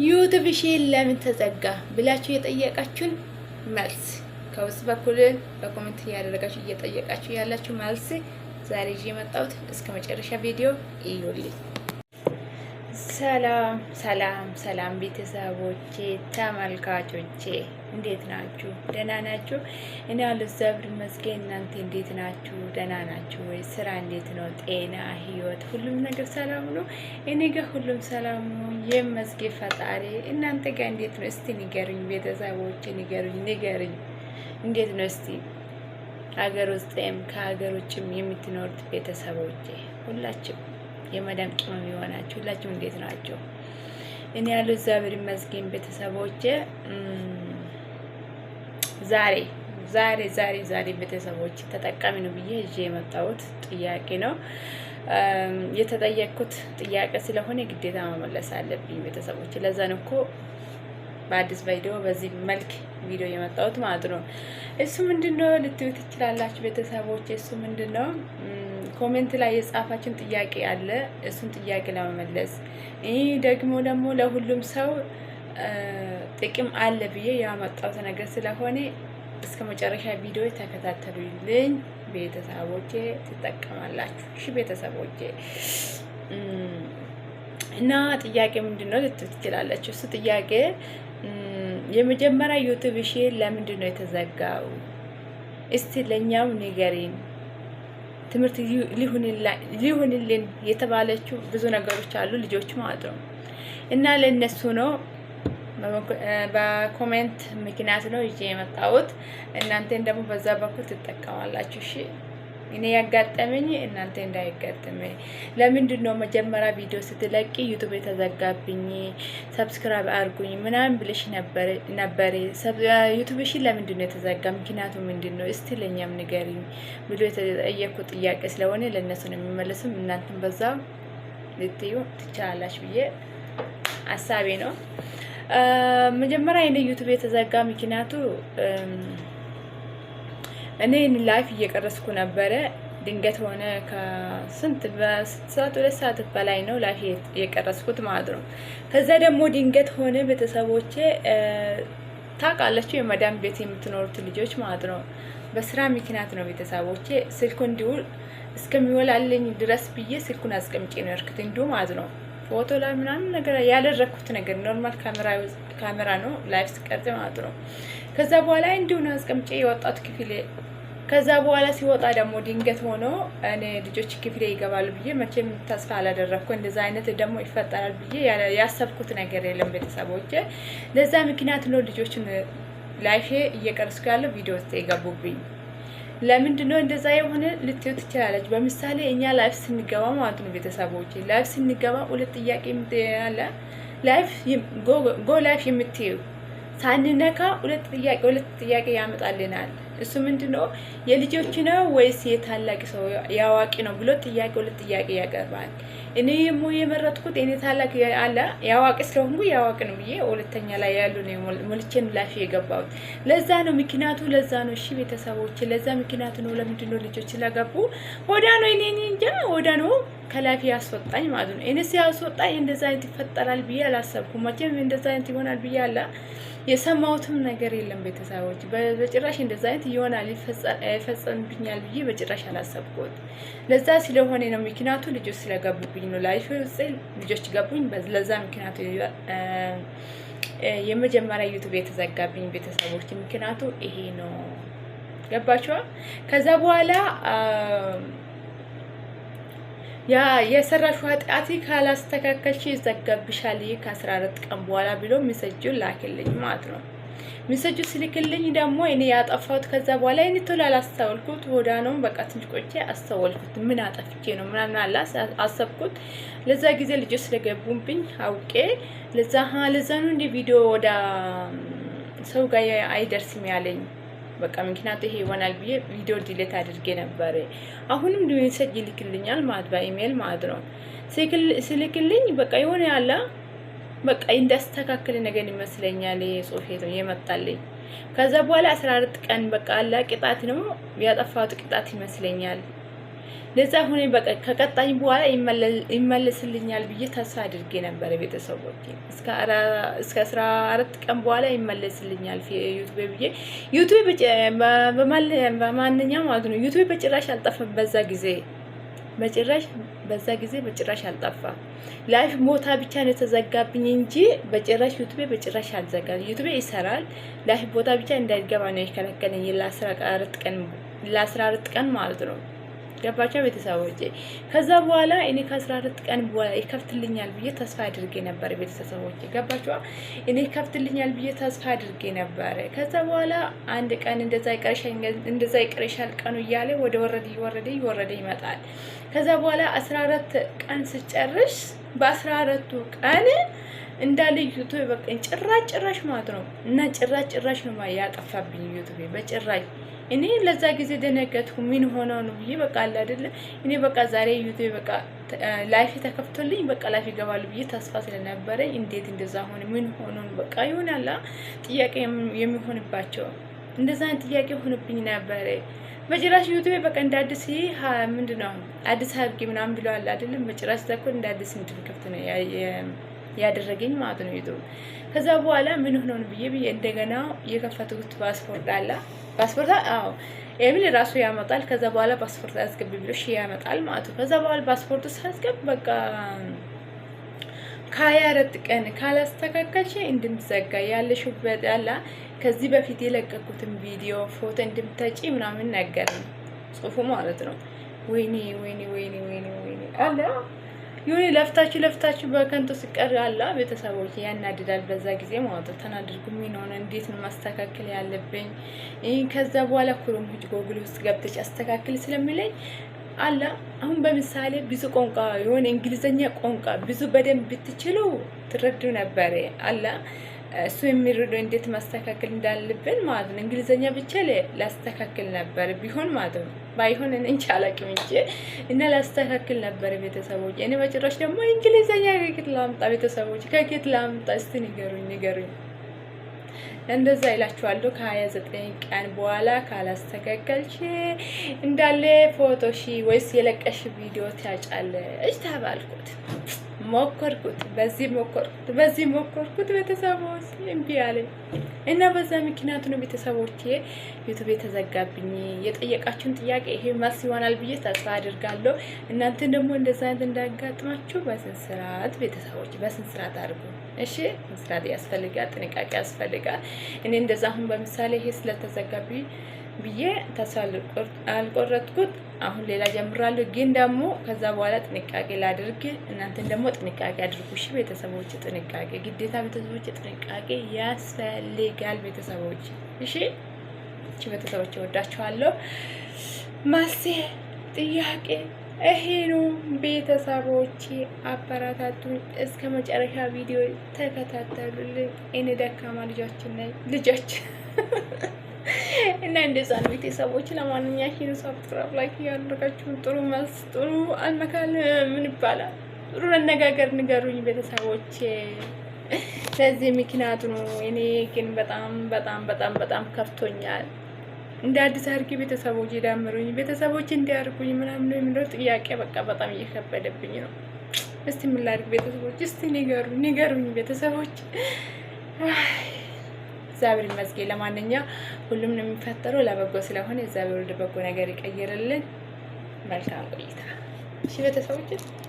ዩቱብ ሼል ለምን ተዘጋ ብላችሁ የጠየቃችሁን መልስ ከውስጥ በኩል በኮሜንት እያደረጋችሁ እየጠየቃችሁ ያላችሁ መልስ ዛሬ ይዤ የመጣሁት እስከ መጨረሻ ቪዲዮ እዩልኝ። ሰላም ሰላም ሰላም ቤተሰቦቼ ተመልካቾቼ እንዴት ናችሁ? ደህና ናችሁ? እኔ አሉ እግዚአብሔር ይመስገን። እናንተ እንዴት ናችሁ? ደህና ናችሁ ወይ? ስራ እንዴት ነው? ጤና፣ ህይወት፣ ሁሉም ነገር ሰላም ነው? እኔ ጋር ሁሉም ሰላም ነው የመስጌ ፈጣሪ። እናንተ ጋር እንዴት ነው? እስቲ ንገሩኝ ቤተሰቦቼ፣ ንገሩኝ ንገሩኝ፣ እንዴት ነው እስቲ ሀገር ውስጥም ከሀገር ውጭም የምትኖሩት ቤተሰቦቼ ሁላችሁም የመዳም ቅመም የሆናችሁ ሁላችሁም እንዴት ናቸው? እኔ ያለው እግዚአብሔር ይመስገን። ቤተሰቦቼ ዛሬ ዛሬ ዛሬ ዛሬ ቤተሰቦች ተጠቃሚ ነው ብዬ እዚህ የመጣሁት ጥያቄ ነው የተጠየቅኩት ጥያቄ ስለሆነ ግዴታ መመለስ አለብኝ ቤተሰቦች። ለዛ ነው እኮ በአዲስ ቪዲዮ በዚህ መልክ ቪዲዮ የመጣሁት ማለት ነው። እሱ ምንድን ነው ልትዩ ትችላላችሁ ቤተሰቦች። እሱ ምንድን ነው ኮሜንት ላይ የጻፋችን ጥያቄ አለ። እሱን ጥያቄ ለመመለስ ይህ ደግሞ ደግሞ ለሁሉም ሰው ጥቅም አለ ብዬ ያመጣሁት ነገር ስለሆነ እስከ መጨረሻ ቪዲዮ ተከታተሉልኝ ቤተሰቦቼ፣ ትጠቀማላችሁ። እሺ ቤተሰቦቼ እና ጥያቄ ምንድን ነው ልትል ትችላለች። እሱ ጥያቄ የመጀመሪያ ዩቱብ ሺ ለምንድን ነው የተዘጋው? እስቲ ለእኛም ንገሪን። ትምህርት ሊሆንልን የተባለችው ብዙ ነገሮች አሉ ልጆች ማለት ነው። እና ለእነሱ ነው በኮሜንት ምክንያት ነው ይዤ የመጣሁት። እናንተን ደግሞ በዛ በኩል ትጠቀማላችሁ። እሺ እኔ ያጋጠመኝ እናንተ እንዳይጋጠመኝ። ለምንድን ነው መጀመሪያ ቪዲዮ ስትለቂ ዩቱብ የተዘጋብኝ ሰብስክራይብ አድርጉኝ ምናምን ብለሽ ነበረ። ዩቱብሽን ለምንድን ነው የተዘጋ? ምክንያቱ ምንድን ነው? እስቲ ለእኛም ንገሪኝ ብሎ የተጠየቁ ጥያቄ ስለሆነ ለእነሱ ነው የሚመለስም እናንተን በዛ ልትዩ ትችላላች ብዬ ሀሳቤ ነው። መጀመሪያ ዩቱብ የተዘጋ ምክንያቱ እኔ ላይፍ እየቀረስኩ ነበረ። ድንገት ሆነ ከስንት በስንት ሰዓት ሁለት ሰዓት በላይ ነው ላይፍ የቀረስኩት ማለት ነው። ከዛ ደግሞ ድንገት ሆነ ቤተሰቦቼ ታውቃላችሁ፣ የመዳም ቤት የምትኖሩት ልጆች ማለት ነው። በስራ ምክንያት ነው ቤተሰቦቼ ስልኩ እንዲውል እስከሚወላልኝ ድረስ ብዬ ስልኩን አስቀምጬ ነው ያርክት እንዲሁ ማለት ነው። ፎቶ ላይ ምናምን ነገር ያደረግኩት ነገር ኖርማል ካሜራ ነው ላይፍ ስቀርጽ ማለት ነው። ከዛ በኋላ እንዲሁ ነው አስቀምጬ የወጣት ክፍሌ። ከዛ በኋላ ሲወጣ ደግሞ ድንገት ሆኖ እኔ ልጆች ክፍሌ ይገባሉ ብዬ መቼም ተስፋ አላደረግኩ። እንደዛ አይነት ደግሞ ይፈጠራል ብዬ ያሰብኩት ነገር የለም ቤተሰቦች ለዛ ምክንያት ነው ልጆችን ላይፌ እየቀረስኩ ያለው ቪዲዮ ውስጥ የገቡብኝ። ለምንድን ነው እንደዛ የሆነ ልትዩ ትችላለች። በምሳሌ እኛ ላይፍ ስንገባ ማለት ነው ቤተሰቦች፣ ላይፍ ስንገባ ሁለት ጥያቄ ያለ ላይፍ ጎ ላይፍ የምትዩ ሳንነካ ሁለት ጥያቄ ሁለት ጥያቄ ያመጣልናል። እሱ ምንድነው የልጆች ነው ወይስ የታላቅ ሰው ያዋቂ ነው ብሎ ጥያቄ ሁለት ጥያቄ ያቀርባል። እኔ ሞ የመረጥኩት እኔ ታላቅ አለ ያዋቂ ስለሆንኩ ያዋቂ ነው ብዬ ሁለተኛ ላይ ያሉ ነው ሞልቼ ምላሽ የገባሁት። ለዛ ነው ምክንያቱ፣ ለዛ ነው እሺ ቤተሰቦች፣ ለዛ ምክንያቱ ነው። ለምንድን ነው ልጆች ስለገቡ ወዳ ነው እኔ እንጃ ወዳ ነው ከላፊ ያስወጣኝ ማለት ነው። እኔ ሲያስወጣኝ እንደዛ አይነት ይፈጠራል ብዬ አላሰብኩም። መቼም እንደዛ አይነት ይሆናል ብዬ አላ የሰማሁትም ነገር የለም ቤተሰቦች። በጭራሽ እንደዛ አይነት ይሆናል ይፈጸምብኛል ብዬ በጭራሽ አላሰብኩት። ለዛ ስለሆነ ነው ምክንያቱ ልጆች ስለገቡብኝ እያሳየኝ ነው። ላይፍ ስል ልጆች ገቡኝ። ለዛ ምክንያቱ የመጀመሪያ ዩቱብ የተዘጋብኝ ቤተሰቦች ምክንያቱ ይሄ ነው። ገባችኋል? ከዛ በኋላ ያ የሰራሹ ኃጢአት ካላስተካከልሽ ይዘጋብሻል ይህ ከአስራ አራት ቀን በኋላ ብሎ ሚሰጁን ላክልኝ ማለት ነው። ሚሰጁ ስልክልኝ ደግሞ እኔ ያጠፋሁት ከዛ በኋላ እኔ ቶሎ አላስተዋልኩት ወዳ ነው በቃ ትንሽ ቆይቼ አስተዋልኩት። ምን አጠፍቼ ነው ምናምን አላ አሰብኩት። ለዛ ጊዜ ልጆ ስለገቡብኝ አውቄ ለዛ ሀ ለዛ ነው እንዲ ቪዲዮ ወደ ሰው ጋር አይደርስም ያለኝ በቃ ምክንያቱ ይሄ ይሆናል ብዬ ቪዲዮ ዲሌት አድርጌ ነበር። አሁንም ሜሴጅ ይልክልኛል ማለት በኢሜል ማለት ነው ስልክልኝ በቃ የሆነ ያለ በቃ እንዳስተካከለ ነገር ይመስለኛል ጽሁፌ የመጣልኝ። ከዛ በኋላ 14 ቀን በቃ አላ ቅጣት ነው ያጠፋሁት ቅጣት ይመስለኛል። ለዛ ሁኔ በቃ ከቀጣኝ በኋላ ይመለስልኛል ብዬ ተስፋ አድርጌ ነበር ቤተሰቦች። እስከ 14 ቀን በኋላ ይመለስልኛል ዩቱብ ብዬ ዩቱብ በማንኛውም ማለት ነው በጭራሽ አልጠፈም በዛ ጊዜ በጭራሽ በዛ ጊዜ በጭራሽ አልጠፋም። ላይፍ ሞታ ብቻ ነው የተዘጋብኝ እንጂ በጭራሽ ዩቱቤ በጭራሽ አልዘጋም። ዩቱቤ ይሰራል። ላይፍ ቦታ ብቻ እንዳይገባ ነው የከለከለኝ ለአስራ አራት ቀን ማለት ነው። ገባቸው ቤተሰቦች። ከዛ በኋላ እኔ ከአስራ አራት ቀን በኋላ ይከፍትልኛል ብዬ ተስፋ አድርጌ ነበር ቤተሰቦች ገባቸዋ። እኔ ይከፍትልኛል ብዬ ተስፋ አድርጌ ነበር። ከዛ በኋላ አንድ ቀን እንደዛ ይቀርሻል ቀኑ እያለ ወደ ወረደ እየወረደ እየወረደ ይመጣል። ከዛ በኋላ አስራ አራት ቀን ስጨርስ በአስራ አራቱ ቀን እንዳለ ዩቱብ በቃ ጭራሽ ጭራሽ ማለት ነው እና ጭራሽ ጭራሽ ነው ያጠፋብኝ ዩቱብ በጭራሽ እኔ ለዛ ጊዜ ደነገጥኩ። ምን ሆኖ ነው ይሄ በቃ አለ አይደለ? እኔ በቃ ዛሬ ዩቲዩብ በቃ ላይፍ ተከፍቶልኝ በቃ ላይፍ ይገባሉ ብዬ ተስፋ ስለነበረ እንዴት እንደዛ ሆነ? ምን ሆኖ በቃ ይሆናላ ጥያቄ የሚሆንባቸው እንደዛ አይነት ጥያቄ ሆኖብኝ ነበረ። በጭራሽ ዩቱብ በቃ እንደ አዲስ ምንድን ነው አዲስ ሀብጌ ምናምን አለ አይደለም። በጭራሽ ተኩል እንደ አዲስ እንድንከፍት ነው ያደረገኝ ማለት ነው ዩቱብ። ከዛ በኋላ ምን ሆነውን ብዬ ብዬ እንደገና የከፈትኩት ፓስፖርት አላ ፓስፖርት አዎ ኤሚል ራሱ ያመጣል። ከዛ በኋላ ፓስፖርት አያስገቢ ብሎ ያመጣል ማለት ነው። ከዛ በኋላ ፓስፖርት ሳያስገብ በቃ ከሀያ አራት ቀን ካላስተካከልሽ እንድምዘጋ ያለሽበት ያለ ከዚህ በፊት የለቀኩትን ቪዲዮ ፎቶ እንድምታጪ ምናምን ነገር ነው ጽሁፉ ማለት ነው። ወይኔ ወይኔ ወይኔ ወይኔ ወይኔ አለ የሆነ ለፍታችሁ ለፍታችሁ በከንቱ ስቀር አለ ቤተሰቦች ያናድዳል። በዛ ጊዜ ማለት ተናድርጉ። ምን ሆነ እንዴት ነው ማስተካከል ያለብኝ? ከዛ በኋላ ኩሩም ውጭ ጎግል ውስጥ ገብተች አስተካክል ስለሚለኝ አለ አሁን በምሳሌ ብዙ ቋንቋ የሆነ እንግሊዘኛ ቋንቋ ብዙ በደንብ ብትችሉ ትረዱ ነበረ። አለ እሱ የሚረዱ እንዴት ማስተካከል እንዳለብን ማለት ነው። እንግሊዘኛ ብቻ ላስተካክል ነበር ቢሆን ማለት ነው ባይሆን እንጂ አላውቅም እንጂ እና ላስተካክል ነበር ቤተሰቦች። እኔ በጭራሽ ደግሞ እንግሊዘኛ ከጌት ላምጣ ቤተሰቦች፣ ከጌት ላምጣ እስቲ ንገሩኝ ንገሩኝ። እንደዛ ይላችኋለሁ። ከሀያ ዘጠኝ ቀን በኋላ ካላስተካከልሽ እንዳለ ፎቶ ሺ ወይስ የለቀሽ ቪዲዮ ታጫለ እጅ ተባልኩት። ሞከርኩት፣ በዚህ ሞከርኩት፣ በዚህ ሞከርኩት። ቤተሰቦች እምቢ አለኝ እና በዛ ምክንያቱ ነው ቤተሰቦቼ ዩቱብ የተዘጋብኝ። የጠየቃችሁን ጥያቄ ይሄ መልስ ይሆናል ብዬ ተስፋ አድርጋለሁ። እናንተን ደግሞ እንደዛ አይነት እንዳያጋጥማችሁ በስንስርዓት ቤተሰቦች በስንስርዓት አድርጉ። እሺ ስንስርዓት ያስፈልጋል፣ ጥንቃቄ ያስፈልጋል። እኔ እንደዛ አሁን በምሳሌ ይሄ ስለተዘጋብኝ ብዬ ተስፋ አልቆረጥኩት። አሁን ሌላ ጀምራለሁ፣ ግን ደግሞ ከዛ በኋላ ጥንቃቄ ላድርግ። እናንተን ደግሞ ጥንቃቄ አድርጉ። እሺ ቤተሰቦች፣ ጥንቃቄ ግዴታ፣ ቤተሰቦች ጥንቃቄ ያስፈልጋል። ቤተሰቦች እሺ፣ እሺ ቤተሰቦች፣ ወዳችኋለሁ። ማሴ ጥያቄ ይሄ ቤተሰቦች፣ አበረታቱኝ። እስከ መጨረሻ ቪዲዮ ተከታተሉልኝ። እኔ ደካማ ልጃችን ነኝ ልጃችን እና እንደዛ ነው ቤተሰቦች። ለማንኛሽን ሳብስክራብ ላይክ እያደረጋችሁን ጥሩ መልስ ጥሩ አልመካል ምን ይባላል ጥሩ አነጋገር ንገሩኝ ቤተሰቦች። ስለዚህ ምክንያቱ ነው። እኔ ግን በጣም በጣም በጣም በጣም ከፍቶኛል። እንደ አዲስ አድርጊ ቤተሰቦች ይዳምሩኝ፣ ቤተሰቦች እንዲያርጉኝ ምናምን የሚለው ጥያቄ በቃ በጣም እየከበደብኝ ነው። እስቲ ምን ላድርግ ቤተሰቦች? እስቲ ንገሩኝ ንገሩኝ ቤተሰቦች። እግዚአብሔር ይመስገን። ለማንኛውም ሁሉም ነው የሚፈጠረው ለበጎ ስለሆነ እግዚአብሔር ወልድ በጎ ነገር ይቀይርልን። መልካም ቆይታ። እሺ ቤተሰቦች